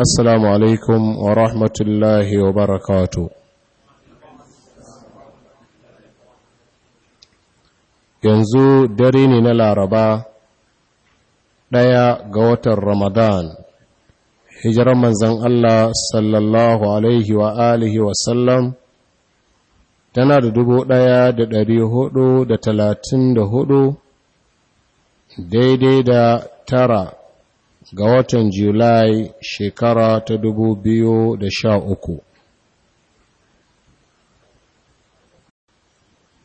assalamu alaikum wa rahmatullahi wa barakatu yanzu dare ne na laraba ɗaya ga watan ramadan hijirar manzan Allah sallallahu alaihi wa alihi tana da dubu ɗaya da ɗari hudu da talatin da hudu daidai da tara ga watan Julai shekara ta dubu biyu da sha uku.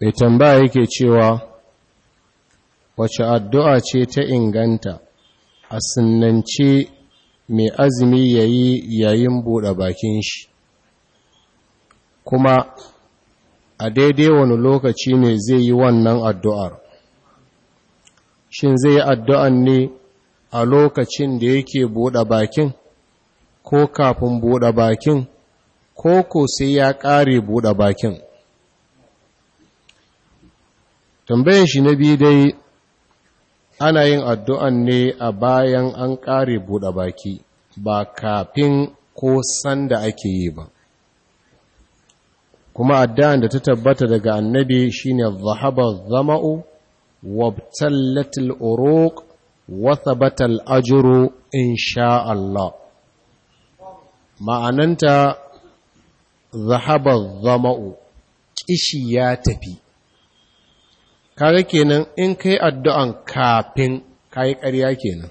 Mai tambaya yake cewa, wace addu'a ce ta inganta a sinanci mai azumi ya yi yayin buɗe bakin shi, kuma a daidai wani lokaci ne zai yi wannan addu'ar. Shin zai yi addu'an ne a lokacin da yake buɗe bakin ko kafin buɗe bakin ko ko sai ya ƙare buɗe bakin tambayan shi na biyu dai ana yin addu'an ne a bayan an ƙare buɗe baki ba kafin ko sanda ake yi ba kuma addu'an da ta tabbata daga annabi shine zahaba zama'u wabtallatul uruq wasabatal ajuru in شاء Allah. Ma'ananta ذهب الظمأ كشي يا تفي kaga kenan in kai addu'an kafin kayi ƙarya kenan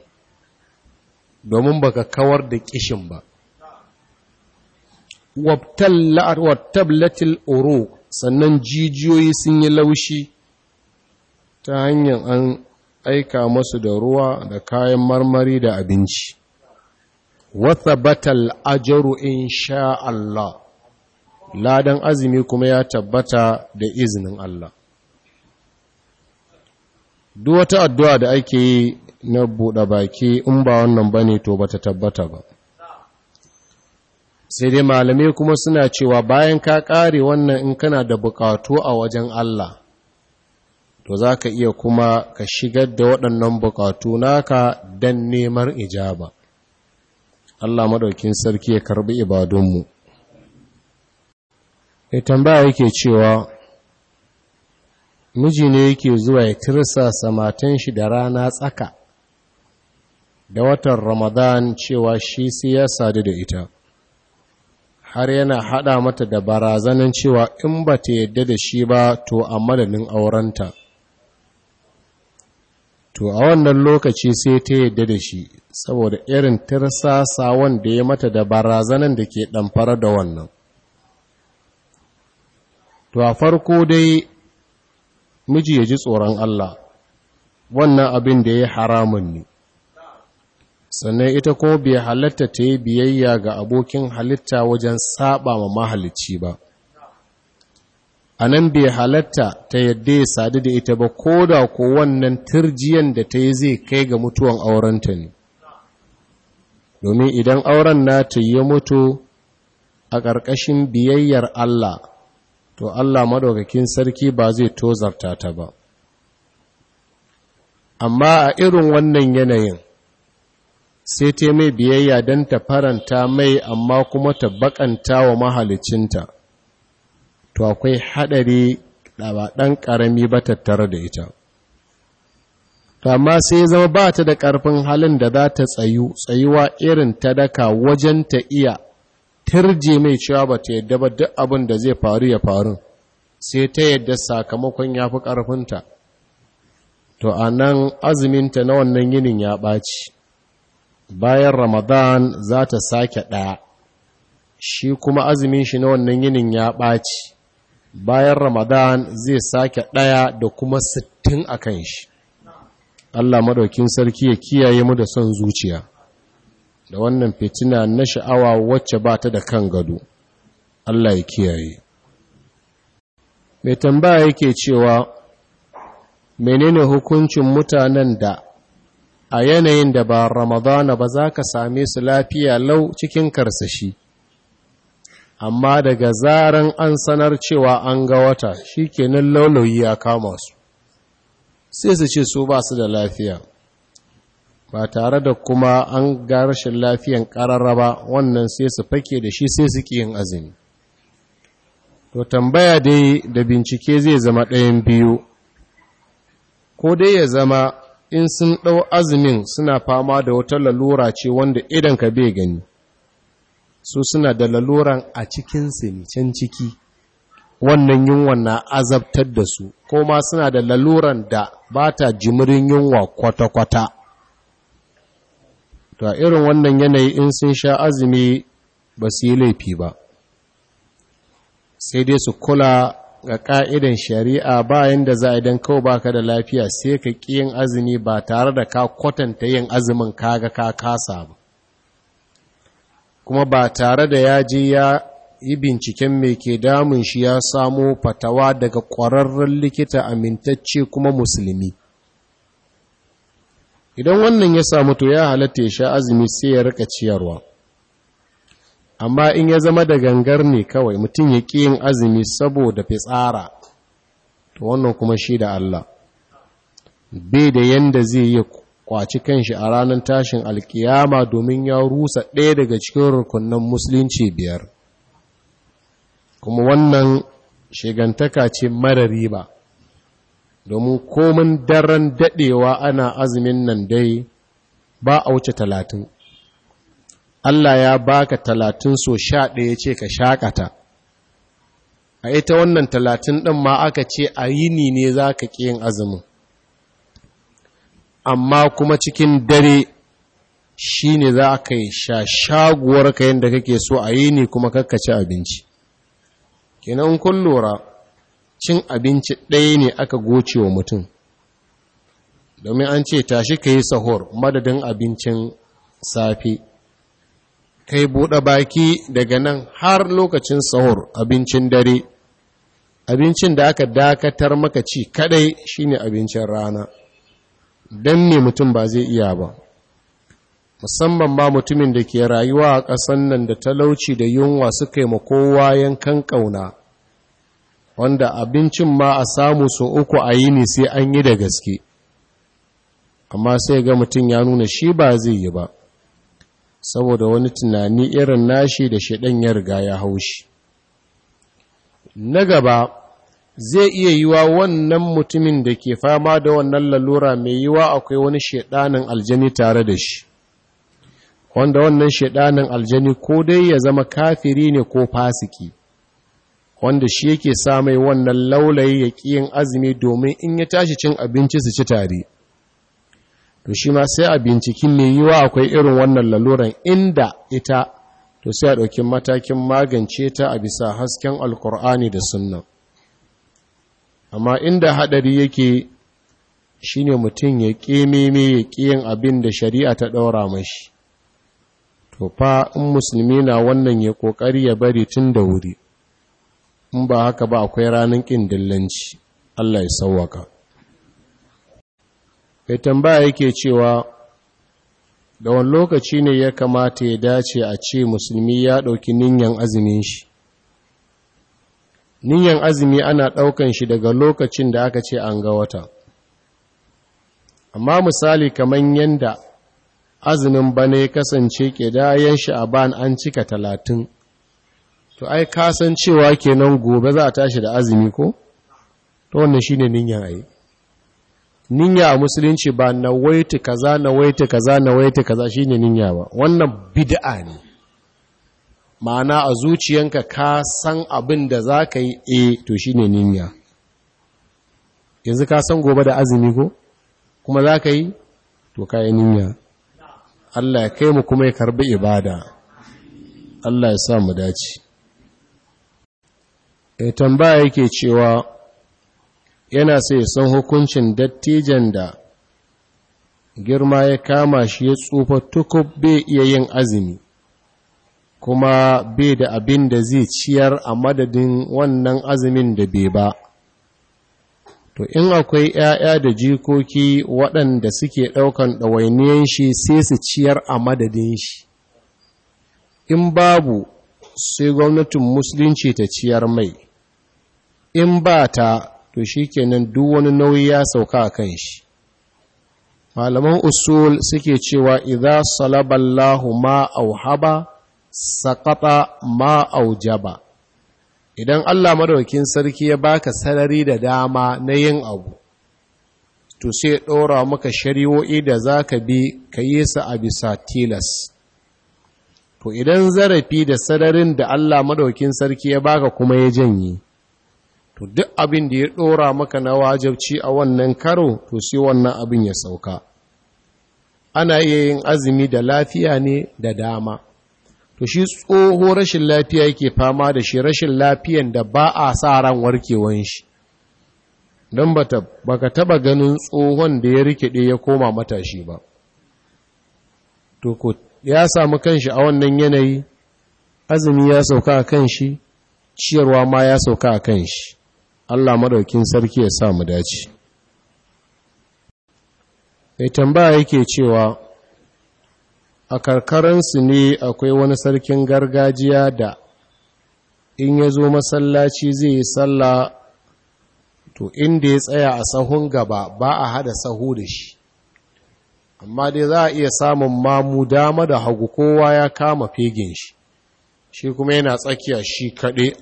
domin baka kawar da kishin ba wabtallatil oro, sannan jijiyoyi sun yi laushi ta hanyar an aika masu da ruwa da kayan marmari da abinci wata batal ajaru in sha Allah ladan azumi kuma ya tabbata da izinin Allah duk wata addu'a da ake yi na bude baki in ba wannan ba to ba ta tabbata ba sai dai malamai kuma suna cewa bayan ka ƙare wannan in kana da buƙatu a wajen Allah to za ka iya kuma ka shigar da waɗannan bukatu naka don neman ijaba Allah maɗaukin sarki ya karɓi ibadunmu ya tambaya yake cewa miji ne yake zuwa ya tirsa samatan shi da rana tsaka da watan ramadan cewa shi sai ya sadu da ita har yana haɗa mata da barazanin cewa in ba ta yadda da shi ba to a madadin aurenta to a wannan lokaci sai ta yadda da shi saboda irin tirsasa wanda ya mata da barazanan da ke ɗanfara da wannan to a farko dai miji ya ji tsoron Allah wannan abin da ya haramun ne sannan ita ko bai halatta ta yi biyayya ga abokin halitta wajen saba ma mahalicci ba a nan bai halatta ta yadda ya sadu da ita ba ko da ko wannan turjiyan da ta yi zai kai ga mutuwan aurenta ne domin idan auren nata ya mutu a ƙarƙashin biyayyar Allah to Allah madaukakin sarki ba zai tozarta ta ba amma a irin wannan yanayin sai ta mai biyayya don ta faranta mai amma kuma ta bakanta wa mahalicinta to akwai haɗari da ba ɗan ƙarami ba tattare da ita to amma sai ya zama ba ta da ƙarfin halin da za ta tsayu tsayuwa irin ta daka wajen ta iya turje mai cewa ba ta yadda ba duk abin da zai faru ya faru sai ta yadda sakamakon ya fi ƙarfinta to a nan azuminta na wannan yinin ya ɓaci bayan ramadan za ta sake ɗaya shi kuma azumin shi na wannan yinin ya ɓaci bayan ramadan zai sake ɗaya da kuma sittin a kan shi Allah maɗaukin sarki ya kiyaye mu da son zuciya da wannan fitina na sha'awa wacce ba ta da kan gado Allah ya kiyaye mai tambaya yake cewa menene hukuncin mutanen da a yanayin da ba ramadana ba za ka same su lafiya lau cikin karsashi amma daga zaren an sanar cewa an ga wata shi kenan laulayi ya kama su sai su ce su ba su da lafiya ba tare da kuma an ga rashin lafiyan ƙararra ba wannan sai su fake da shi sai su ƙi yin azumi to tambaya dai da bincike zai zama ɗayan biyu ko dai ya zama in sun ɗau azumin suna fama da wata lalura ce wanda idan ka bai gani su suna da laluran a cikin sinicin ciki wannan yunwa na azabtar da su ko ma suna da laluran da ba ta jimirin yunwa kwata-kwata ta irin wannan yanayi in sun sha azumi ba su yi laifi ba sai dai su kula ga ƙa'idan shari'a bayan da za a idan kawo baka da lafiya sai ka ƙi yin azumi ba tare da ka kwatanta yin azumin kaga ka kasa ba kuma ba tare da ya je ya yi binciken mai ke damun shi ya samo fatawa daga ƙwararren likita amintacce kuma musulmi idan wannan ya samu to ya halatta ya sha azumi sai ya rika ciyarwa amma in ya zama da gangar ne kawai mutum ya ƙi yin azumi saboda fitsara to wannan kuma shi da Allah bai da yadda zai yi kwaci kanshi a ranar tashin alkiyama domin ya rusa ɗaya daga cikin rukunan musulunci biyar kuma wannan shigantaka ce mara riba domin komin daren daɗewa ana azumin nan dai ba a wuce talatin Allah ya baka talatin so sha ɗaya ce ka shaƙata a ita wannan talatin ɗin ma aka ce a yini ne za ka ƙi yin azumin amma kuma cikin dare shi ne za ka sha shashaguwar ka yadda kake so a yi ne kuma kakkaci abinci kinan kun lura cin abinci ɗaya ne aka goce wa mutum domin an ce tashi ka yi sahur madadin abincin safe kai buɗe baki daga nan har lokacin sahur abincin dare abincin da aka dakatar maka ci kadai shine abincin rana don ne mutum ba zai iya ba musamman ba mutumin da ke rayuwa a ƙasan nan da talauci da yunwa suka yi makowa yankan ƙauna wanda abincin ma a samu su uku a yi ne sai an yi da gaske amma sai ga mutum ya nuna shi ba zai yi ba saboda wani tunani irin nashi da shaɗan ya riga ya haushi na gaba zai iya yiwa wannan mutumin da ke fama da wannan lalura mai yiwa akwai wani shedanin aljani tare da shi wanda wannan shedanin aljani ko dai ya zama kafiri ne ko fasiki wanda shi yake sa mai wannan laulayi ya yin azumi domin in ya tashi cin abinci su ci tare to shi ma sai a binciki mai yiwa akwai irin wannan laluran inda ita to sai a ɗauki matakin magance ta a bisa hasken alkur'ani da sunna amma inda haɗari yake shi ne mutum ya ƙememe ya ƙiyin abin da shari'a ta ɗaura mashi to fa in musulmi na wannan ya ƙoƙari ya bari tun da wuri in ba haka ba akwai ranar ƙin dillanci Allah ya sauwaka mai tambaya yake cewa da wani lokaci ne ya kamata ya dace a ce musulmi ya ɗauki ninyan azumin shi niyan azumi ana ɗaukan shi daga lokacin da aka ce an ga wata amma misali kamar yadda azumin bana ya kasance dayan shi a ban an cika talatin to ai kasancewa kenan gobe za a tashi da azumi ko to wannan ne niyan ayi? ninya a musulunci ba na waita kaza na waita kaza na waita kaza ne niyya ba wannan bid'a ne ma'ana a zuciyanka ka san abin da za ka yi e to shi ne niyya yanzu ka san gobe da azumi ko kuma za ka yi to ka yi niyya Allah ya kai mu kuma ya karbi ibada Allah ya sa mu dace e tambaya yake cewa yana sai ya san hukuncin dattijan da girma ya kama shi ya tsufa tukub bai iya yin azumi kuma bai da abin da zai ciyar a madadin wannan azumin da bai ba to in akwai ‘ya'ya da jikoki waɗanda suke ɗaukan ɗawainiyar shi sai su ciyar a madadin shi in babu sai gwamnatin musulunci ta ciyar mai in ba ta to shi kenan duk wani nauyi ya sauka a kan shi malaman usul suke cewa idan salaballahu ma auhaba sakata ma aujaba idan Allah Maɗaukin sarki ya baka sarari da dama na yin abu to sai ya ɗora maka shari'o'i da zaka bi ka yi su a bisa tilas to idan zarafi da sararin da Allah Maɗaukin sarki ya baka kuma ya janye to duk abin da ya ɗora maka na wajabci a wannan karo to sai wannan abin ya sauka ana iya yin azumi da lafiya ne da dama to shi tsoho rashin lafiya yake fama da shi rashin lafiyan da ba a sa ran warkewan shi don ba baka taba ganin tsohon da ya rikide ya koma matashi ba to ku ya samu kanshi a wannan yanayi azumi ya sauka a kan shi, ciyarwa ma ya sauka a kan shi. Allah madaukin sarki ya sa mu dace mai tambaya yake cewa a karkaransu ne akwai wani sarkin gargajiya da in ya zo masallaci zai yi sallah to inda ya tsaya a sahun gaba ba a hada sahu da shi amma dai za a iya samun mamu dama da hagu kowa ya kama fegin shi shi kuma yana tsakiya shi kaɗai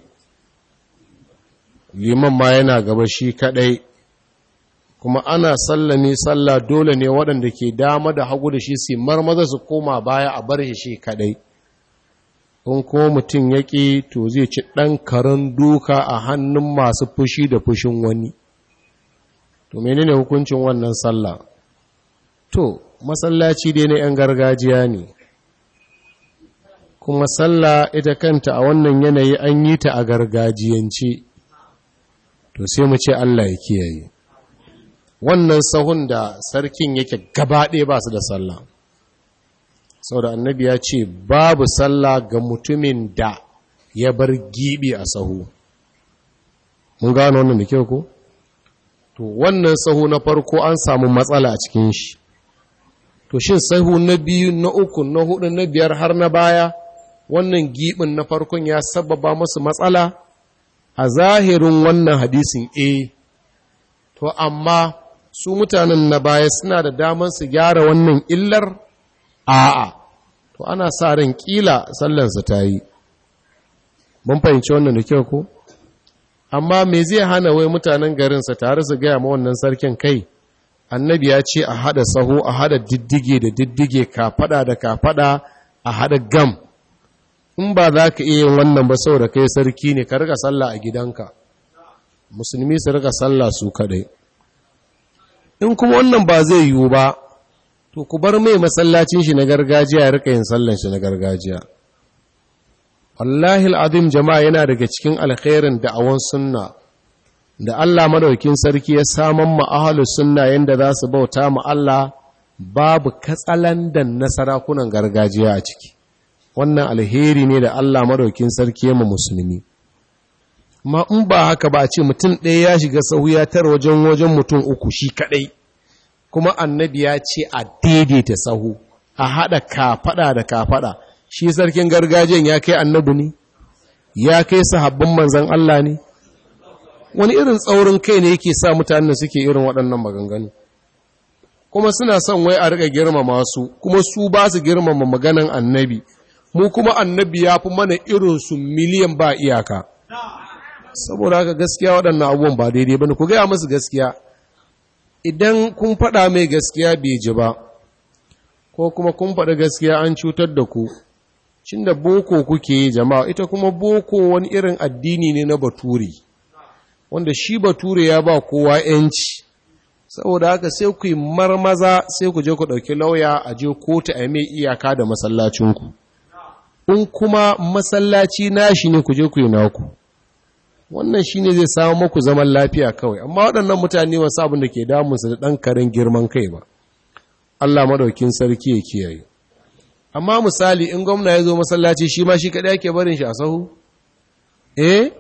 liman ma yana gaba shi kaɗai kuma ana sallame salla dole ne waɗanda ke dama da hagu da shi su marmaza su koma baya a bar shi kadai in ko mutum ya ƙi to zai ci ɗan karen duka a hannun masu fushi da fushin wani to menene hukuncin wannan sallah to masallaci dai na 'yan gargajiya ne kuma salla ita kanta a wannan yanayi an yi ta a gargajiyanci to sai mu ce Allah ya kiyaye wannan sahun da sarkin yake gabaɗe ba su da sallah sau da annabi ya ce babu sallah ga mutumin da ya bar gibi a sahu mun gano wannan da kyau ko? to wannan sahu na farko an samu matsala a cikin shi to shin sahu na biyu na uku na hudu na biyar har na baya wannan gibin na farkon ya sababa masu matsala a zahirin wannan hadisin A, eh. to amma su mutanen na baya suna da damar su gyara wannan illar a'a to ana sa ran kila su ta yi mun fahimci wannan da kyau ko amma me zai hana wai mutanen garin sa tare su gaya ma wannan sarkin kai annabi ya ce a hada saho a hada diddige da diddige ka fada da ka fada a hada gam in ba za ka iya yin wannan ba saboda kai sarki ne ka riga sallah a gidanka musulmi su riga sallah su kadai in kuma wannan ba zai yiwu ba to ku bar mai masallacin shi na gargajiya ya rika yin sallan shi na gargajiya wallahi al'azim jama'a yana daga cikin alkhairin da'awan sunna da Allah madaukin sarki ya saman ma ahlus sunna yanda za su bauta ma Allah babu katsalandan na sarakunan gargajiya a ciki wannan alheri ne da Allah madaukin sarki ya ma musulmi ma in ba haka ba ce mutum ɗaya ya shiga sahu ya tar wajen wajen mutum uku shi kaɗai kuma annabi ya ce a daidaita sahu a haɗa kafaɗa da kafaɗa shi sarkin gargajiyan ya kai annabi ne ya kai sahabbin manzan Allah ne wani irin tsaurin kai ne yake sa mutane da suke irin waɗannan maganganu kuma suna son wai a riƙa girmama su kuma su ba su girmama maganan annabi mu kuma annabi ya fi mana irin su miliyan ba iyaka saboda haka gaskiya waɗannan abubuwan ba daidai ba ne ku gaya masu gaskiya idan kun faɗa mai gaskiya bai ji ba ko kuma kun faɗa gaskiya an cutar da ku cin da boko kuke yi jama'a ita kuma boko wani irin addini ne na bature wanda shi bature ya ba kowa yanci saboda haka sai ku yi marmaza sai ku je ku ɗauki lauya a je kotu a mai iyaka da masallacinku in kuma masallaci nashi ne ku je ku yi naku wannan shi ne zai samu maku zaman lafiya kawai amma waɗannan mutane wasu abin da ke damunsu da ɗan karin girman kai ba Allah maɗaukin sarki ya kiyaye amma misali in gwamna ya zo masallaci shi ma shi kaɗai ake barin shi a sahu eh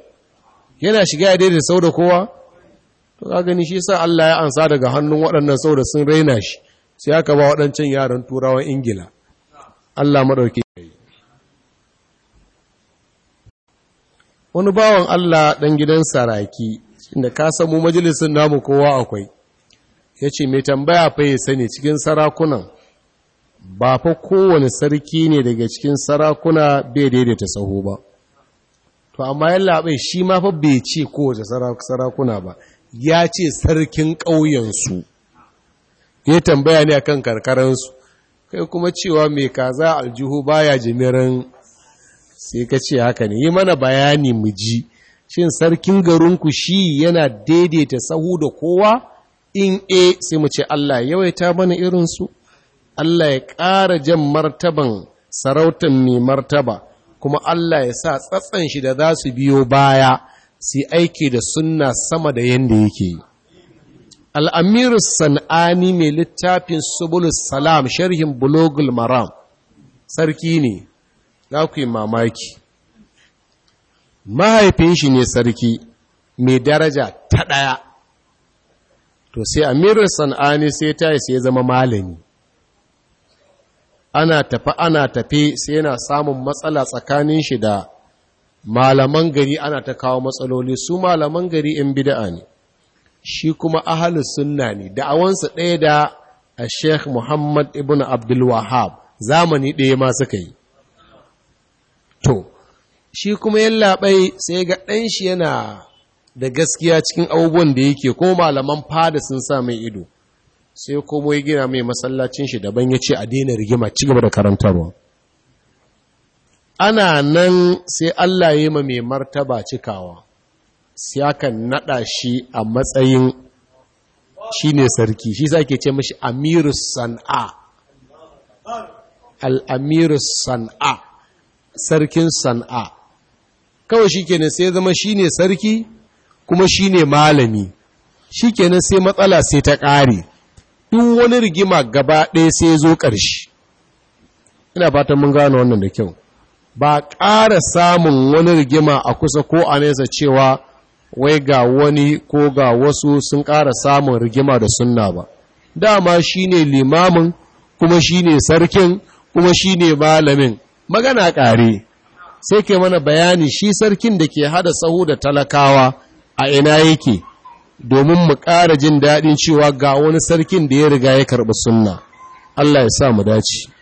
yana shiga ya daidai sau da kowa to ka gani shi sa Allah ya ansa daga hannun waɗannan sau da sun raina shi sai aka ba waɗancan yaran turawan ingila Allah maɗauki wani bawan Allah ɗan gidan saraki inda ka samu majalisun namu kowa akwai ya ce mai tambaya fa ya sani cikin sarakunan ba fa kowane sarki ne daga cikin sarakuna bai daidaita saho ba to amma yalla labai shi ma fa bai ce kowace sarakuna ba ya ce sarkin ƙauyensu ya tambaya ne akan karkararsu kai kuma cewa mai kaza aljihu baya jimirin sai ka ce haka ne yi mana bayani mu shin sarkin garinku shi yana daidaita sahu da kowa in e sai mu ce Allah yawaita mana irinsu Allah ya ƙara jan martaban sarautan mai martaba kuma Allah ya sa tsatsan shi da za su biyo baya su aiki da sunna sama da yadda yake yi al'amiru san'ani mai littafin subulus salam sharhin bulogul maram sarki ne za ku yi mamaki mahaifin shi ne sarki mai daraja ta ɗaya to sai amirin san'ani sai ta yi sai zama malami ana tafi ana tafi sai yana samun matsala tsakanin shi da malaman gari ana ta kawo matsaloli su malaman gari in bida'a ne shi kuma ahalus sunna ne Da da'awansu ɗaya da a sheikh muhammad ibn Abdulwahab, zamani ɗaya ma suka yi to shi kuma yallaɓai sai ga ɗan shi yana da gaskiya cikin abubuwan da yake ko malaman fada sun sa mai ido sai komo ya gina mai masallacin shi daban ya ce a daina rigima ci gaba da karantarwa ana nan sai Allah ya ma mai martaba cikawa sai aka naɗa shi a matsayin shi ne sarki shi sa ke ce mashi amiru san'a al'amiru san'a sarkin san'a kawai shi kenan sai zama shi sarki kuma shi malami shi kenan sai matsala sai ta ƙare duk wani rigima gaba ɗaya sai zo ƙarshe ina fatan mun gano wannan da kyau ba ƙara samun wani rigima a kusa ko a nesa cewa wai ga wani ko ga wasu sun ƙara samun rigima da sunna ba dama shine limamin kuma shi sarkin kuma shine malamin magana ƙare sai ke mana bayani shi sarkin da ke hada sahu da talakawa a ina yake domin mu ƙara jin daɗin cewa ga wani sarkin da ya riga ya karɓi sunna Allah ya sa mu dace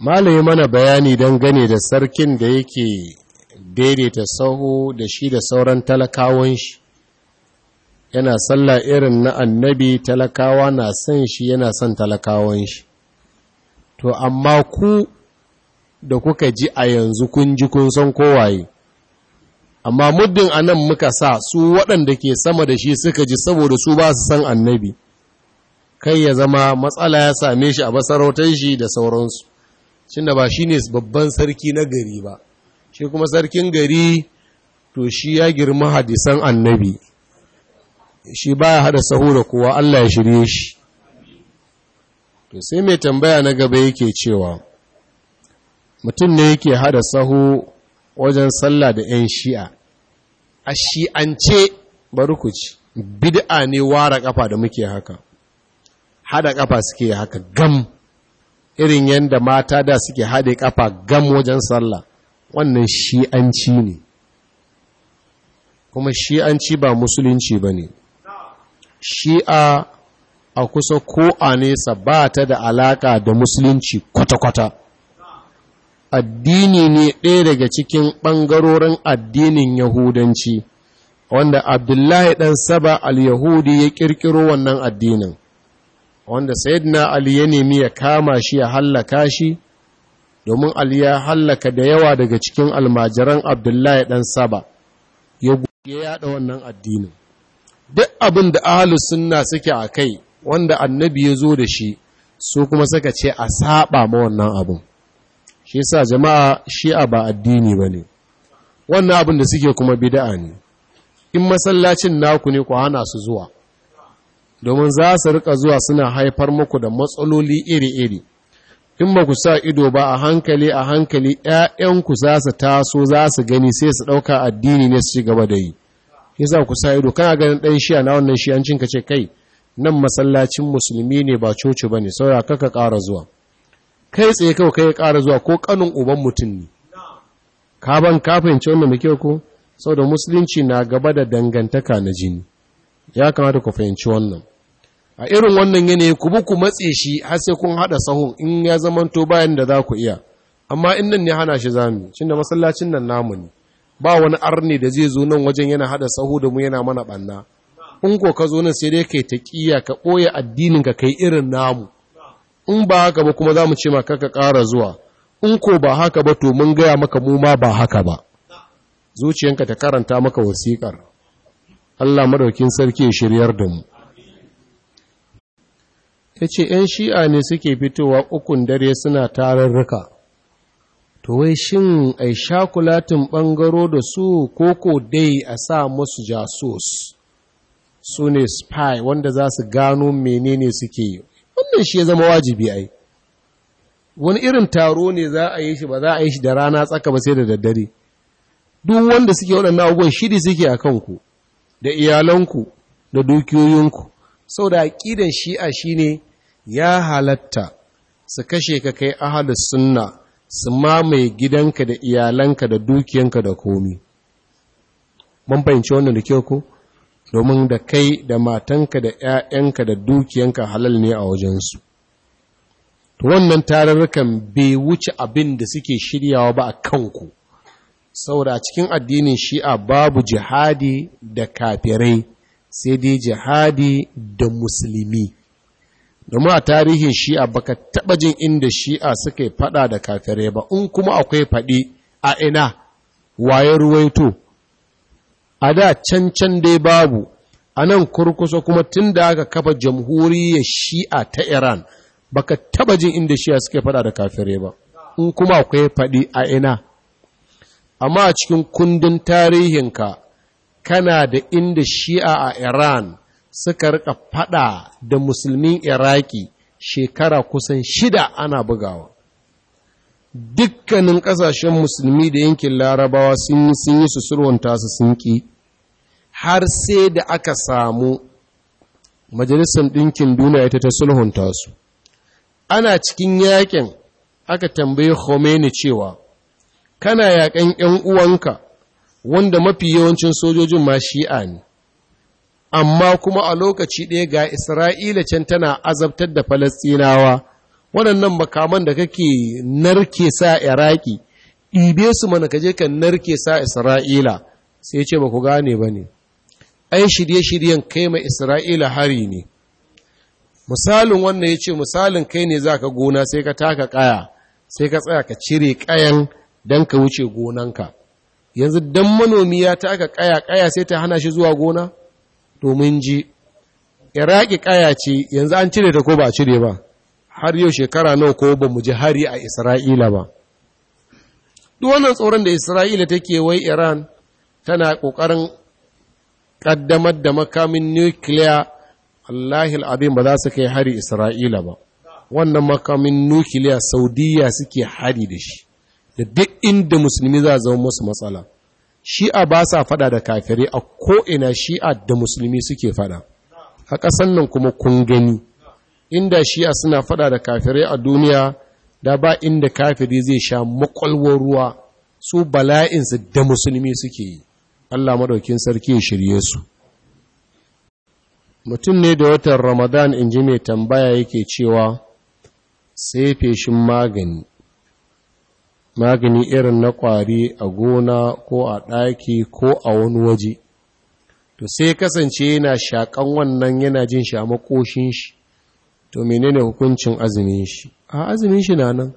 malami mana bayani don gane da sarkin da yake daidaita sahu da shi da sauran talakawan shi yana sallah irin na annabi talakawa na son shi yana son talakawan shi to amma ku da kuka ji a yanzu kun ji kun san kowaye amma muddin a nan muka sa su waɗanda ke sama da shi suka ji saboda su ba su san annabi kai ya zama matsala ya same shi a basarautar shi da sauransu da ba shi ne babban sarki na gari ba shi kuma sarkin gari to shi ya girma hadisan annabi shi ba ya hada sahu da kowa Allah ya shirye shi to sai mai tambaya na gaba yake cewa mutum ne yake hada sahu wajen sallah da 'yan shi'a a shi'ance bari ku ci bid'a ne wara kafa da muke haka hada kafa suke haka gam irin yadda mata da suke hade kafa gam wajen sallah wannan shi'anci ne kuma shi'anci ba musulunci ba ne shi'a a kusa ko a nesa ba ta da alaka da musulunci kwata-kwata addini ne ɗaya daga cikin ɓangarorin addinin yahudanci wanda abdullahi ɗan saba al-yahudi ya ƙirƙiro wannan addinin wanda sayyidina ali ya nemi ya kama shi ya hallaka shi domin ali ya hallaka da yawa daga cikin almajiran abdullahi ɗan saba ya yaɗa wannan addinin duk abin da ahalus sunna suke a kai wanda annabi ya zo da shi su kuma suka ce a saba ma wannan abin shi sa jama'a shi'a ba addini ba ne wannan abin da suke kuma bida'a ne in masallacin naku ne ku hana su zuwa domin za su rika zuwa suna haifar muku da matsaloli iri-iri in ba ku sa ido ba a hankali a hankali ‘ya'yanku za su taso za su gani sai su ɗauka addini ne su ci gaba da yi ya za ku sa ido kana ganin ɗan shiya na wannan shiyancin ka ce kai nan masallacin musulmi ne ba coci ba ne saura ka ƙara zuwa kai tsaye kawai kai ya ƙara zuwa ko ƙanin uban mutum ne ka ban ka fahimci wannan da kyau ko saboda musulunci na gaba da dangantaka na jini ya kamata ku fahimci wannan a irin wannan yanayi ku bi ku matse shi har sai kun haɗa sahun in ya zamanto bayan da za ku iya amma in nan ne hana shi zami cin da masallacin nan namu ne ba wani arni da zai zo nan wajen yana haɗa sahu da mu yana mana ɓanna in ko ka zo nan sai dai kai ta ƙiya ka ɓoye addinin ka kai irin namu in ba haka ba kuma za mu ce maka ka ƙara zuwa in ko ba haka ba to mun gaya maka mu ma ba haka ba zuciyanka ta karanta maka wasikar. Allah maɗaukin sarki shiryar da mu ce yan shi'a ne suke fitowa ukun dare suna tararruka to wai shin ai kulatin bangaro da su koko dai a sa musu jasus su ne spy wanda za su gano menene suke wannan shi ya zama wajibi ai wani irin taro ne za a yi shi ba za a yi shi da rana tsaka ba sai da daddare duk wanda suke waɗannan abubuwan shiri suke a kanku da iyalanku da dukiyoyinku sau da aƙidan shi'a ne, ya halatta su kashe ka kai ahalus sunna su mamaye gidanka da iyalanka da dukiyanka da komi ban fahimci wannan da kyau ko domin da kai da matanka da ‘ya'yanka da dukiyanka halal ne a wajensu. To wannan tararrukan bai wuce abin da suke shiryawa ba a kanku, saboda cikin addinin shi'a babu jihadi da kafirai sai dai jihadi da musulmi. Domin a tarihin shi'a baka taɓa jin inda shi'a suka yi faɗa da kafirai ba, in kuma akwai faɗi a ina waye ruwaito. a da can-can dai babu a nan kurkusa kuma tun da aka kafa jamhuriyar shi'a ta iran baka taba jin inda shi'a suke fada da kafirai ba in kuma akwai faɗi a ina amma a cikin kundin tarihinka kana da inda shi'a a iran suka rika fada da musulmin iraki shekara kusan shida ana bugawa dukkanin ƙasashen musulmi da yankin larabawa sun yi sun su surwanta su sun ƙi har sai da aka samu majalisar ɗinkin duniya ita ta sulhunta su ana cikin yaƙin aka tambaye Khomeini cewa kana yakan ‘yan uwanka wanda mafi yawancin sojojin ma shi'a ne amma kuma a lokaci ɗaya ga isra'ila can tana azabtar da falastinawa waɗannan makaman da kake narke sa iraki ɗibe su mana kaje ka narke sa isra'ila sai ce ba ku gane ba ne ai shirye-shiryen kai mai isra'ila hari ne misalin wannan ya ce misalin kai ne za ka gona sai ka taka kaya sai ka tsaya ka cire kayan don ka wuce gonanka yanzu don manomi ya taka kaya kaya sai ta hana shi zuwa gona domin ji iraki kaya ce yanzu an cire ta ko ba cire ba har yau shekara nawa ko ba mu ji hari a isra'ila ba duk wannan tsoron da isra'ila take wai iran tana ƙoƙarin ƙaddamar da makamin nukiliya Allahil abin ba za su kai hari Isra'ila ba, wannan makamin nukiliya Saudiya suke hari da shi, da duk inda musulmi za zama musu matsala. Shi'a ba sa fada da kafirai a ko'ina shi'a da musulmi suke fada. A ƙasan nan kuma kun gani, inda shi'a suna fada da kafirai a duniya da ba inda kafiri zai sha makwalwar ruwa su bala'insu da musulmi suke yi. Allah madaukin sarki ya shirye su mutum ne da watan ramadan in ji mai tambaya yake cewa sai feshin magani magani irin na ƙwari a gona ko a ɗaki ko a wani waje to sai kasance yana shaƙan wannan yana jin shi a makoshin shi to menene hukuncin azumin shi a azumin shi na nan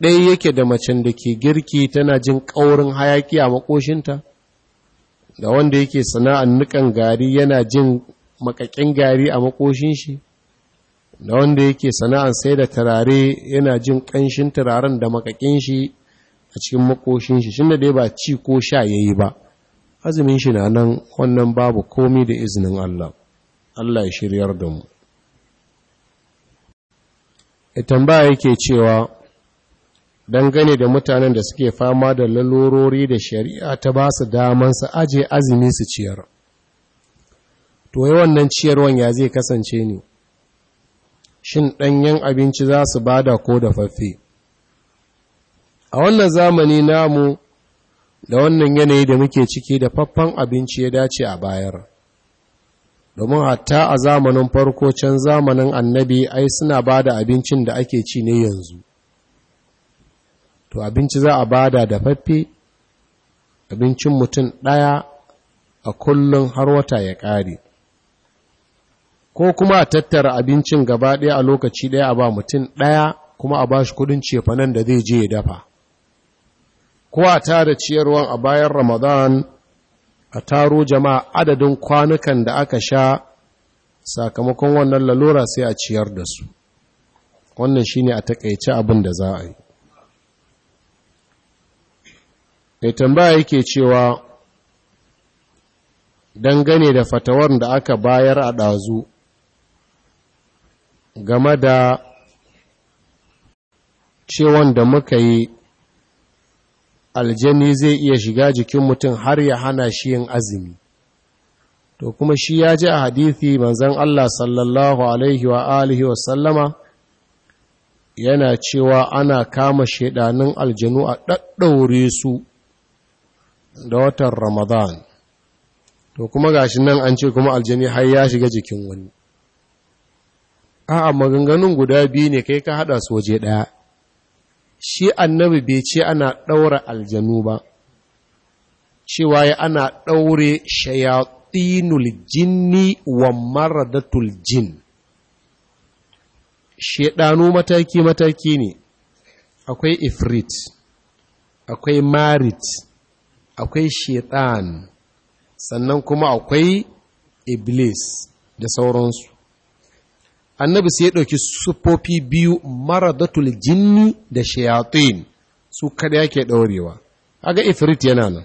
ɗaya yake da macen da ke girki tana jin ƙaurin hayaki a makoshinta da wanda yake sana'an nukan gari yana jin makakin gari a makoshin shi da wanda yake sana'an sai da turare yana jin kanshin turaren da makakin shi a cikin makoshin shi da dai ba ci ko sha yayi ba azumin shi na nan wannan babu komi da izinin Allah Allah ya shiryar da mu e tambaya yake cewa dangane da mutanen da suke fama da lalurori da shari'a ta ba su daman su aje azumi su ciyar to yi wannan ciyarwan ya zai kasance ne shin ɗanyen abinci za su da ko da a wannan zamani namu da wannan yanayi da muke ciki da faffan abinci ya dace a bayar domin hatta a zamanin farko can zamanin annabi ai suna ba da abincin da ake ci ne yanzu to abinci za a bada da faffe abincin mutum ɗaya a kullum har wata ya ƙare ko kuma a tattara abincin gaba ɗaya a lokaci ɗaya a ba mutum ɗaya kuma a ba shi kudin cefanen da zai je ya dafa ko a tara ciyarwan a bayan ramadan a taro jama'a adadin kwanukan da aka sha sakamakon wannan lalura sai a ciyar da su wannan shine a takaice abin da za a yi mai tambaya yake cewa dangane da fatawar da aka bayar a ɗazu game da cewon da muka yi aljani zai iya shiga jikin mutum har ya hana shi yin azumi to kuma shi ya ji a hadithi manzan Allah sallallahu alaihi wa alihi wa sallama yana cewa ana kama shaidanin aljanu a ɗaɗɗaure su da watan ramadan to kuma gashi nan an ce kuma aljani har ya shiga jikin wani a'a maganganun guda biyu ne kai ka haɗa su waje daya shi annabi bai ce ana ɗaura aljanu ba cewa ya ana ɗaure shayatinul jinni wa maradatul jin shedanu mataki mataki ne akwai ifrit akwai marit akwai shaitan sannan kuma akwai iblis da sauransu annabi sai ya ɗauki sufofi biyu maradatul jinni da shayatin su kada yake ɗaurewa aga ifrit yana nan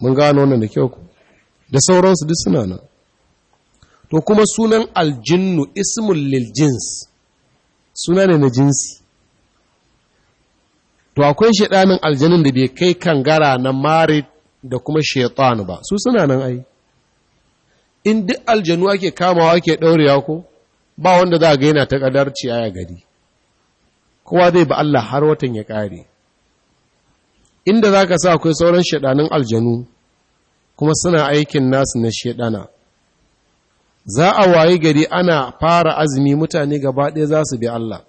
mun gano wannan da kyau ku da sauransu duk suna nan to kuma sunan aljinnu ismul lil jins suna ne na jinsi to akwai shaɗanin aljanin da bai kai kangara na marid da kuma shaitan ba su suna nan ai in duk aljanu ake kamawa ake ɗaurewa ko ba wanda za a gaina ta ta ƙadarci a gari kowa zai ba Allah har watan ya ƙare inda za ka sa akwai sauran shaɗanin aljanu kuma suna aikin nasu na shaɗana za a wayi gari ana fara azumi mutane gaba ɗaya za su bi Allah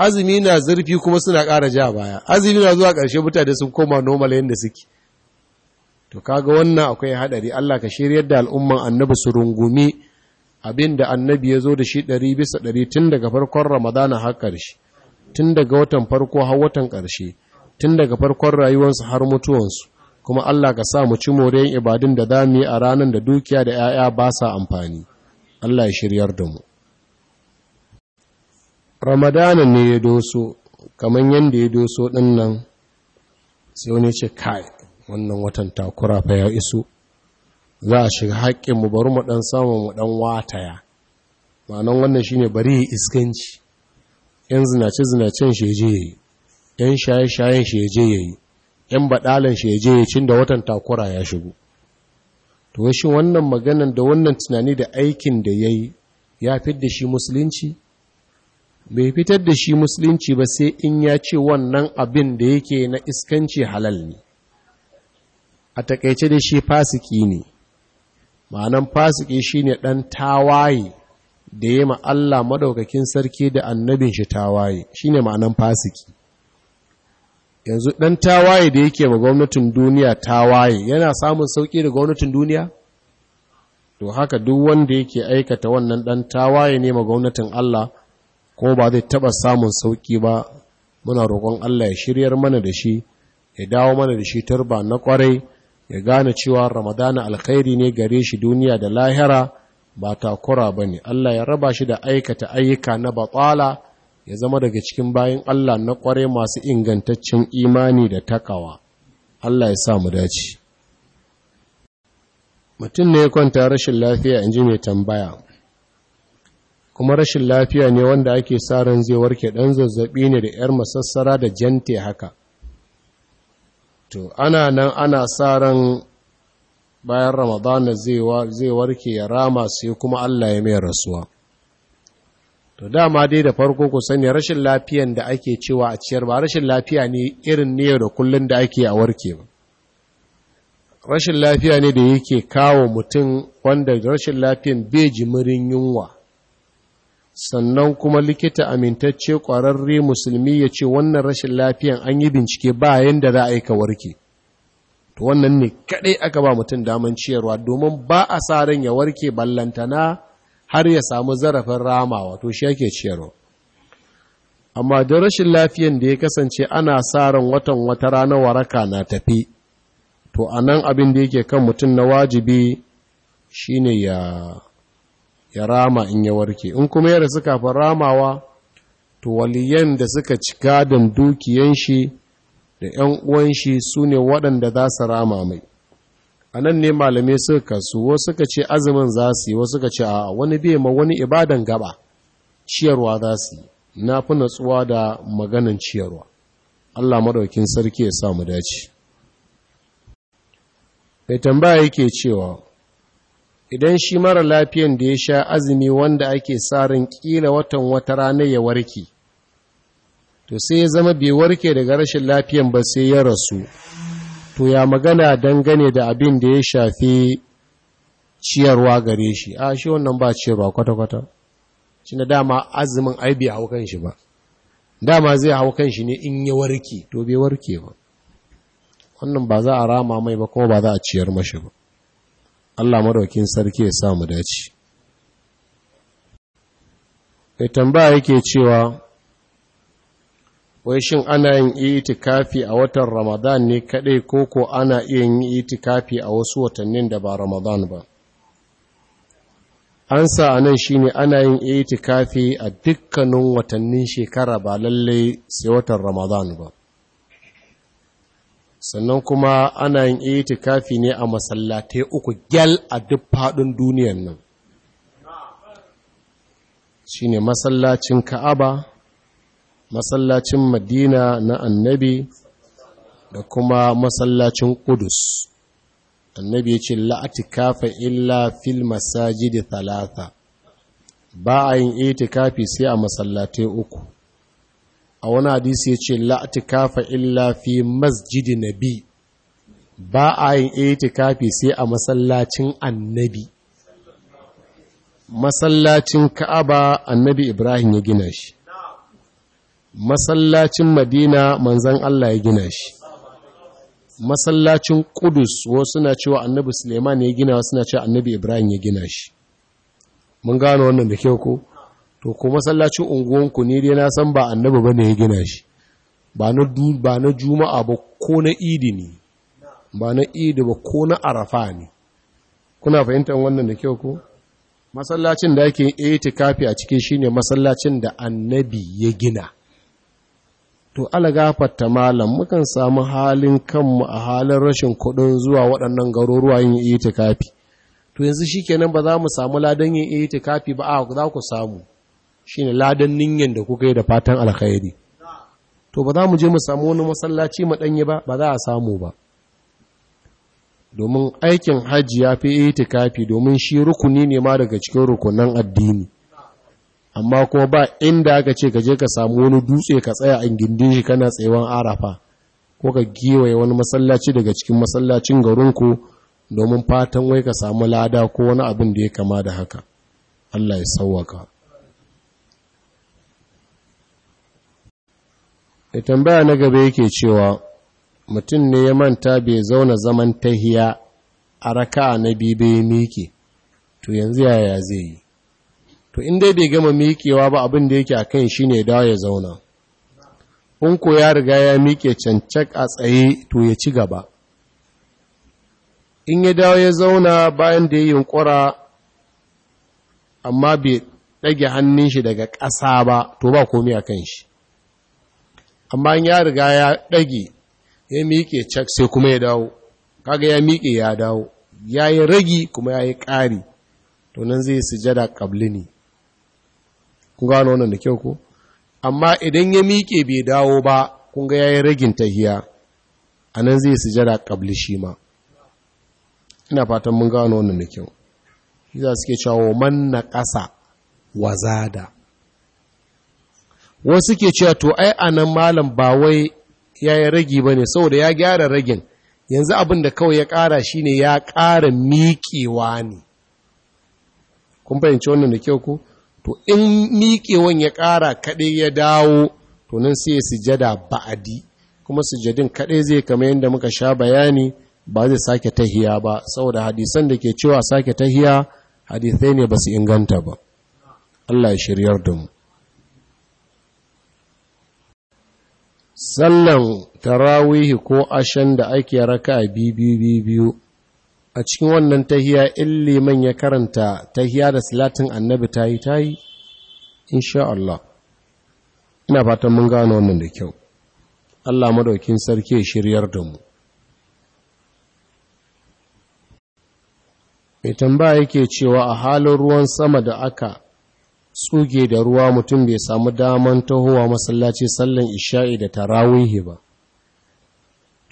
azumi na zurfi kuma suna ƙara ja baya azumi na zuwa ƙarshe mutane sun koma normal yadda suke to kaga wannan akwai haɗari Allah ka shiryar da al'umman annabi su rungumi abinda annabi ya zo da shi ɗari bisa ɗari tun daga farkon ramadana har ƙarshe tun daga watan farko har watan ƙarshe tun daga farkon rayuwarsu har mutuwansu kuma Allah ka sa mu ci moriyar ibadun da zamu yi a ranar da dukiya da 'ya'ya ba sa amfani Allah ya shiryar da mu ramadana ne ya doso kamar yadda ya doso ɗin nan sai wani ce kai wannan watan takura fa ya iso za a shiga haƙƙin mu bari mu ɗan samun mu ɗan wataya ma'anan wannan shine bari ya iskanci yan zinace zinacen shi je yi yan shaye shayen shi je yi yan baɗalan shi je yi cin da watan takura ya shigo to shi wannan maganan da wannan tunani da aikin da yayi ya da shi musulunci bai fitar da shi musulunci ba sai in ya ce wannan abin da yake na iskanci halal ne a takaice da shi fasiki ne ma'anan fasiki shi ne ɗan tawaye da ya ma Allah madaukakin sarki da annabin shi tawaye Shi ne ma'anan fasiki yanzu ɗan tawaye da yake ma gwamnatin duniya tawaye yana samun sauƙi da gwamnatin duniya to haka duk wanda yake aikata wannan ɗan tawaye ne ma gwamnatin Allah ko ba zai taba samun sauki ba muna roƙon Allah ya shiryar mana da shi ya dawo mana da shi turba na kwarai ya gane cewa ramadana alkhairi ne gare shi duniya da lahira ba takura ba ne Allah ya raba shi da aikata ayyuka na batsala ya zama daga cikin bayan Allah na ƙwarai masu ingantaccen imani da takawa Allah ya sa mu dace mutum ne ya kwanta rashin lafiya in ji mai tambaya kuma rashin lafiya ne wanda ake sa ran zai warke dan zazzabi ne da yar masassara da jante haka to ana nan ana sa ran bayan ramadana zai warke ya rama sai kuma Allah ya mai rasuwa to dama dai da farko ku sani rashin lafiyan da ake cewa a ciyar ba rashin lafiya ne irin ne da kullun da ake a warke ba rashin lafiya ne da yake kawo mutum wanda rashin lafiyan bai jimirin yunwa sannan kuma likita amintacce ƙwararre musulmi ya ce wannan rashin lafiyan an yi bincike bayan da za a yi ka warke to wannan ne kaɗai aka ba mutum daman ciyarwa domin ba a sa ran ya warke ballantana har ya samu zarafin rama wato shi ake ciyarwa amma da rashin lafiyan da ya kasance ana sa ran watan wata rana waraka na tafi to anan abin da yake kan mutum na wajibi shine ya ya rama in ya warke in kuma yadda suka fi ramawa to waliyan da suka ci gadon dukiyan shi da 'yan uwan shi su ne waɗanda za su rama mai a nan ne malamai suka kasu wasu suka ce azumin za su yi wasu suka ce a wani bai ma wani ibadan gaba ciyarwa za su yi na fi natsuwa da maganan ciyarwa Allah maɗaukin sarki ya samu dace mai tambaya yake cewa idan shi mara lafiyan da ya sha azumi wanda ake tsarin kila watan wata rana ya warke to sai ya zama bai warke daga rashin lafiyan ba sai ya rasu to ya magana dangane da abin da ya shafi ciyarwa gare shi a shi wannan ba ciyarwa kwata-kwata shi na dama azumin ai bai hukan shi ba dama zai hau kan shi ne in ya warke to bai warke ba wannan ba za a rama mai ba kuma ba za a ciyar mashi ba Allah madaukin sarki ya samu dace mai tambaya yake cewa wai shin ana yin itikafi a watan Ramadan ne kadai koko ana iya yin itikafi a wasu watannin da ba Ramadan ba an sa anan shine ana yin itikafi a dukkanin watannin shekara ba lallai sai watan Ramadan ba sannan kuma ana yin itikafi ne a masallatai uku gyal a duk faɗin duniyan nan Shi ne masallacin Ka'aba masallacin Madina na Annabi da kuma masallacin Ƙudus. Annabi yace la kafa illa fil masajidi talata. ba a yin itikafi sai a masallatai uku a wani hadisi ya ce la'atikafa illa fi masjidi nabi ba a yin itikafi sai a masallacin annabi masallacin ka'aba annabi ibrahim ya gina shi masallacin madina manzan allah ya gina shi masallacin kudus wasu na cewa annabi suleiman ya gina wasu na cewa annabi ibrahim ya gina shi mun gano wannan da kyau ko to ko masallacin unguwanku ne dai na san ba annabi ne ya gina shi ba na juma'a ba ko na idi ne ba na idi ba ko na arafa ne kuna fahimtar wannan da kyau ko masallacin da ake itikafi a cikin shine masallacin da annabi ya gina to alagafarta malam mukan samu halin kanmu a halin rashin kudin zuwa waɗannan garuruwa yin itikafi to yanzu shikenan ba za mu samu ladan yin itikafi ba a za ku samu Shin ladan ninyan da kuka yi da fatan alkhairi to ba za mu je mu samu wani masallaci mu ba ba za a samu ba domin aikin hajji ya fi itikafi domin shi rukuni ne ma daga cikin rukunan addini amma kuma ba inda aka ce ka je ka samu wani dutse ka tsaya a gindin shi kana tsayawan arafa ko ka giwaye wani masallaci daga cikin masallacin garinku domin fatan wai ka samu lada ko wani abin da ya kama da haka Allah ya sauwaka da tambaya na gaba yake cewa mutum ne ya manta bai zauna zaman tahiya a raka na bibe miki to yanzu yaya zai yi to in dai bai gama mikewa ba abin da yake a kan shi ne dawo ya zauna in ko ya riga ya mike cancak a tsaye to ya ci gaba in ya dawo ya zauna bayan da ya yi yunkura amma bai ɗage hannun shi daga ƙasa ba to ba komi a kan shi amma ya riga ya ɗage ya miƙe cak sai kuma ya dawo kaga ya miƙe ya dawo ya yi ragi kuma ya yi ƙari to nan zai sujada ƙabli ne kun gano wannan da kyau ko amma idan ya miƙe bai dawo ba kun ga ya yi ragin tahiya a nan zai sujada ƙabli shi ma ina fatan mun gano wannan da kyau shi za suke cewa man na ƙasa wa zada. wasu ke cewa to ai nan malam ba wai ya yi ragi ba ne saboda ya gyara ragin yanzu abin da kawai ya ƙara shi ne ya ƙara miƙewa ne kun fahimci wannan da kyau ku to in miƙewan ya ƙara kaɗai ya dawo to nan sai ya sujada ba'adi kuma sujadin kaɗai zai kama yadda muka sha bayani ba zai sake tahiya ba saboda hadisan da ke cewa sake tahiya hadisai ne ba su inganta ba Allah ya shiryar da mu sallan tarawihi ko ashen da ake raka a biyu-biyu a cikin wannan tahiya in liman ya karanta tahiya da salatin annabi ta yi ta yi insha Allah ina fatan mun gano wannan da kyau Allah madaukin sarki ya shiryar da mu mai tambaya yake cewa a halin ruwan sama da aka tsuge da ruwa mutum bai samu daman tahowa masallaci sallan isha'i da tarawihi ba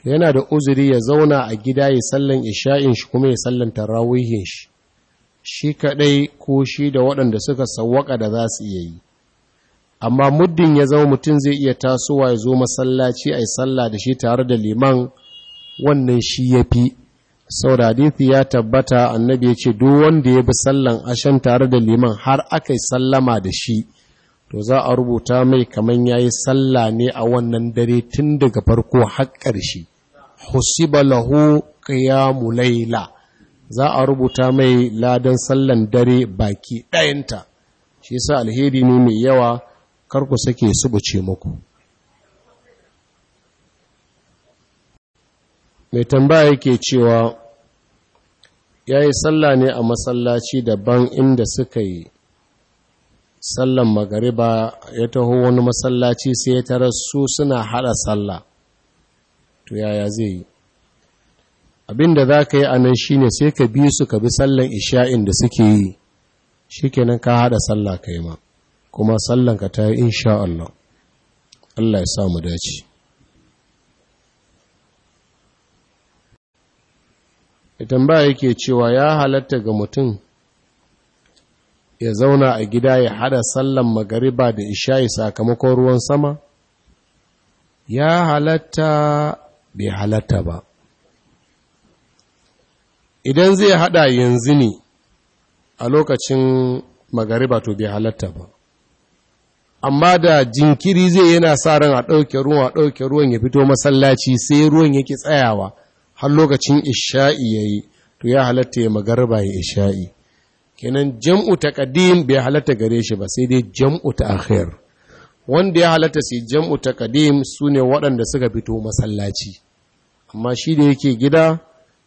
to yana da uzuri ya zauna a gida ya sallan isha'in shi kuma ya sallan tarawihin shi shi kaɗai ko shi da waɗanda suka sawwaka da za su iya yi amma muddin ya zama mutum zai iya tasowa ya zo masallaci a yi sallah da shi tare da liman wannan shi ya fi sau da hadithi ya tabbata annabi ya ce duk wanda ya bi sallan ashen tare da liman har aka yi sallama da shi to za a rubuta mai kaman ya yi salla ne a wannan dare tun daga farko har ƙarshe husiba lahu qiyamu za a rubuta mai ladan sallan dare baki ɗayanta shi yasa alheri ne mai yawa kar ku sake subuce muku mai tambaya yake cewa ya yi sallah ne a masallaci daban inda suka yi sallan magariba ya taho wani masallaci sai ya tarar su suna hada sallah to yaya zai yi abinda za ka yi a nan shi ne sai ka bi su ka bi sallan isha'in da suke yi shi kenan ka hada sallah ka yi ma kuma sallanka ta yi insha'Allah, Allah Allah ya sa mu dace tambaya yake cewa ya halatta ga mutum ya zauna a gida ya hada sallan magariba da isha'i sakamakon ruwan sama ya halatta bai halatta ba idan zai hada yanzu ne a lokacin magariba to bai halatta ba amma da jinkiri zai yana sa ran a ɗauke ruwan a ɗauke ruwan ya fito masallaci sai ruwan yake tsayawa har lokacin isha'i ya yi to ya halatta ya magarba ya isha'i kenan jam'u ta kadim bai halatta gare shi ba sai dai jam'u ta akhir wanda ya halatta sai jam'u ta su sune waɗanda suka fito masallaci amma shi da yake gida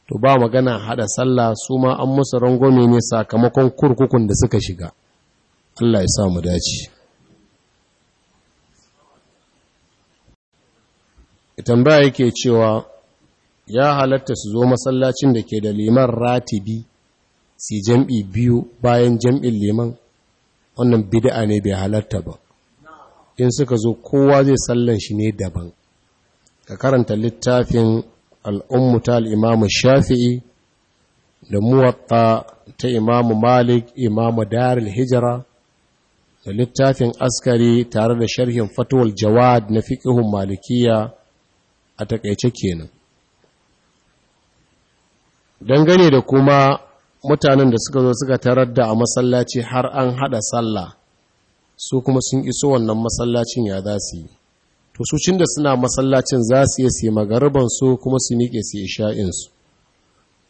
to ba magana hada sallah su ma an musu rangwame ne sakamakon kurkukun da suka shiga Allah ya sa mu dace tambaya yake cewa ya halatta su zo masallacin da ke da liman ratibi si jam'i biyu bayan jam'in liman wannan bida'a ne bai halatta ba in suka zo kowa zai sallan shi ne daban ka karanta littafin al'ummuta al'imamu shafi'i da muwatta ta imamu malik imamu daril hijira da littafin askari tare da sharhin fatuwar jawad na fiƙihun malikiya a taƙaice kenan dangane da kuma mutanen da suka zo suka tarar da a masallaci har an hada sallah su kuma sun iso wannan masallacin ya za su yi to su cin da suna masallacin za su yi su magariban su kuma su miƙe su isha'in su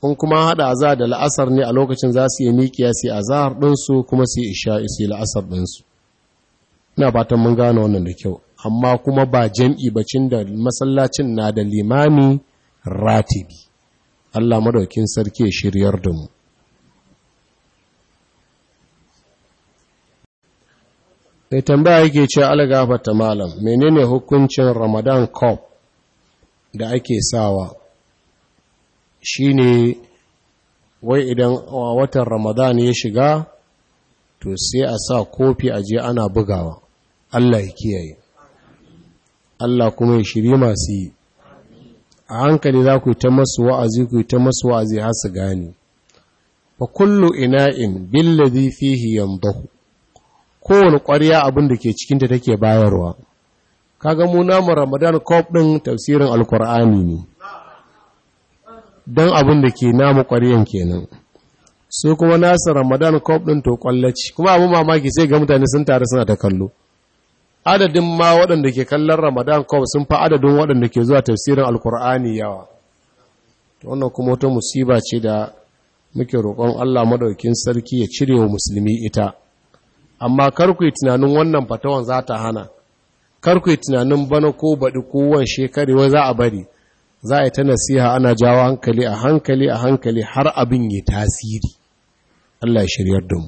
in kuma hada za da la'asar ne a lokacin za su yi miƙiya su za din su kuma su isha'i su la'asar ɗinsu, su ina fatan mun gane wannan da kyau amma kuma ba jam'i bacin da masallacin na da limami ratibi Allah madaukin sarki ya shiryar da mu sai tambaya yake ce algafata malam menene hukuncin Ramadan cup da ake sawa shine wai idan a watan Ramadan ya shiga to sai a sa kofi a je ana bugawa Allah ya kiyaye Allah kuma ya shiri masu yi a hankali za ku yi ta masu wa'azi ku yi ta masu wa'azi har su gani ba kullu ina'in billadhi fihi yandahu kowane ƙwarya abinda da ke cikinta take bayarwa kaga mu Ramadan cup ɗin tafsirin alkur'ani ne don abin da ke namu ƙwariyan kenan su kuma nasu Ramadan cup ɗin to kwallaci kuma abin mamaki sai ga mutane sun tare suna ta kallo adadin ma waɗanda ke kallon ramadan kawai sun fa adadin waɗanda ke zuwa tafsirin alkur'ani yawa wannan kuma wata musiba ce da muke roƙon allah maɗaukin sarki ya cire wa musulmi ita amma karku yi tunanin wannan fatawan za ta hana karku yi tunanin bana ko baɗi kowan shekari wai za a bari za a yi ta nasiha ana jawo hankali a hankali a hankali har abin yi tasiri allah ya shiryar da mu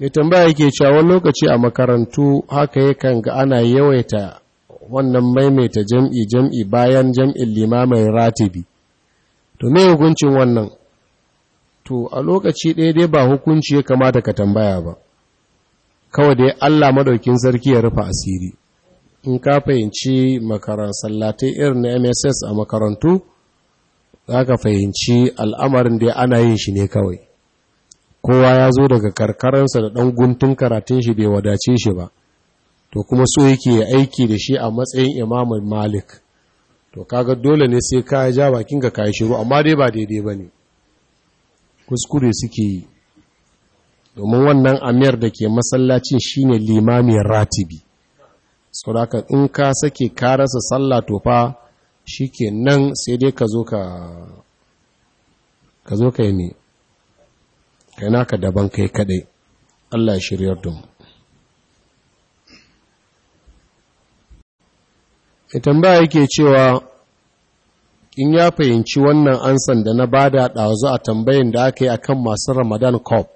mai tambaya yake cewa wani lokaci a makarantu haka yakan ga ana yawaita wannan maimaita jam'i jam'i bayan jam'in limamin ratibi to me hukuncin wannan to a lokaci ɗaya dai ba hukunci ya kamata ka tambaya ba kawai dai Allah madaukin sarki ya rufa asiri in ka fahimci makaran sallatai irin na MSS a makarantu za ka fahimci al'amarin da ana yin shi ne kawai kowa ya zo daga karkararsa da ɗan guntun karatun shi bai wadace shi ba to kuma so yake aiki da shi a matsayin imamun malik to kaga dole ne sai ka ja bakin ka kai shiru amma dai ba daidai ba ne kuskure suke yi domin wannan amir da ke masallacin shine Limamiyar ratibi saboda in ka sake ka rasa sallah to fa nan sai dai ka zo ka ka zo ka yi ne kai naka daban kai kaɗai, Allah ya shiryar da mu tambaya yake cewa in ya fahimci wannan ansan da na bada ɗazu a tambayin da aka yi akan masu Ramadan Cup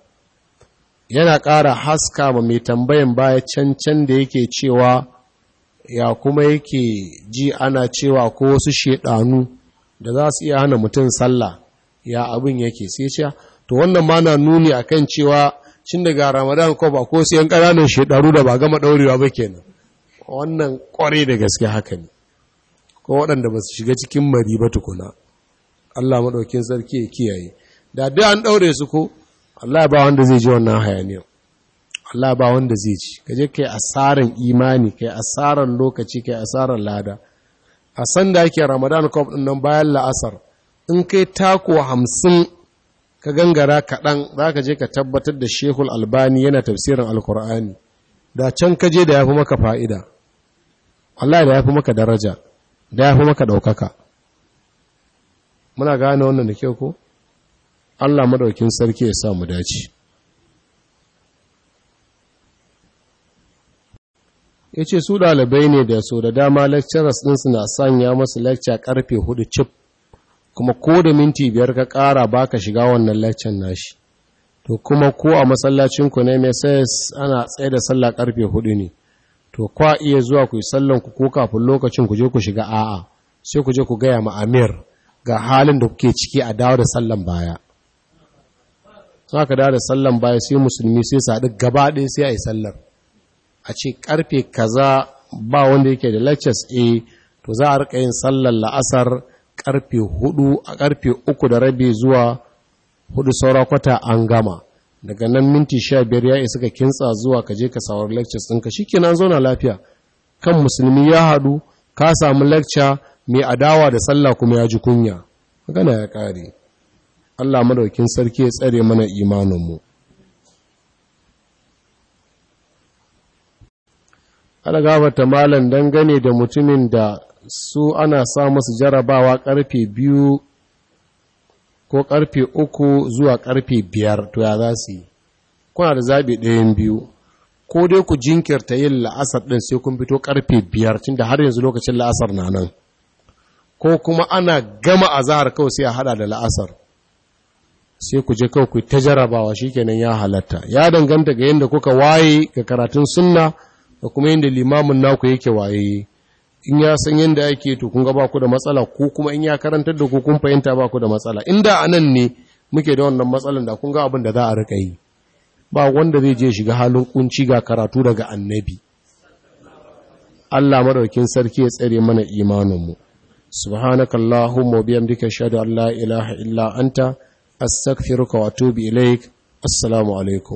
yana ƙara haska ma mai tambayin baya cancan da yake cewa ya kuma yake ji ana cewa ko wasu shaidanu da za su iya hana mutum sallah ya abin yake sai ce to wannan ma na nuni a kan cewa cin daga ramadan ko ba ko sai ƙananan shekaru da ba gama ɗaurewa ba kenan wannan ƙware da gaske haka ne ko waɗanda ba su shiga cikin mari ba tukuna Allah maɗaukin sarki ya kiyaye da dai an ɗaure su ko Allah ba wanda zai ji wannan hayaniya. Allah ba wanda zai ci kaje kai asaran imani kai asaran lokaci kai asaran lada a san da Ramadan cup ɗin nan bayan la'asar in kai tako hamsin ka gangara kaɗan za ka je ka tabbatar da shehul albani yana tafsirin alkur'ani da can ka je da ya fi maka fa'ida Allah da ya fi maka daraja da ya fi maka ɗaukaka muna gane wannan da kyau ko Allah maɗaukin sarki ya sa mu dace ya ce su ɗalibai ne da so da dama lecturers ɗinsu na sanya masu lecture ƙarfe hudu cif kuma ko da minti biyar ka ƙara ba ka shiga wannan laccen nashi to kuma ko a masallacinku mai sai ana tsaye da sallah karfe hudu ne to kwa iya zuwa ku yi sallanku ko kafin lokacin ku je ku shiga a'a sai ku je ku gaya ma amir ga halin da kuke ciki a dawo da sallan baya za ka dawo da sallan baya sai musulmi sai sadu gaba ɗaya sai a yi sallar a ce karfe kaza ba wanda yake da lectures a eh, to za a rika yin sallar la'asar karfe hudu a karfe uku da rabi zuwa hudu saura kwata an gama daga nan minti sha biyar ya isa ka kintsa zuwa ka je ka sawar lectures ɗinka shi ke nan zauna lafiya kan musulmi ya haɗu ka samu lecture mai adawa da sallah kuma ya ji kunya magana ya ƙare allah madaukin sarki ya tsare mana imaninmu algabata malam dangane da mutumin da su ana sa su jarabawa karfe biyu ko karfe uku zuwa karfe biyar to ya za su yi kuna da zaɓi ɗayan biyu ko dai ku jinkirta yin la'asar ɗin sai kun fito karfe biyar tun da har yanzu lokacin la'asar na nan ko kuma ana gama azahar kawai sai a haɗa da la'asar sai ku je kawai ku ta jarabawa shikenan ya halatta ya danganta ga yadda kuka waye ga karatun sunna da kuma yadda limamin naku yake waye in ya san yadda ake to kun ga ba ku da matsala ko kuma in ya karantar da ku kun fahimta ba ku da matsala inda a nan ne muke da wannan matsalan da kun ga abin da za a rika yi ba wanda zai je shiga halin kunci ga karatu daga annabi Allah madaukin sarki ya tsare mana imaninmu subhanakallahumma wa bihamdika ashhadu an la ilaha illa anta astaghfiruka wa atubu ilaik assalamu alaikum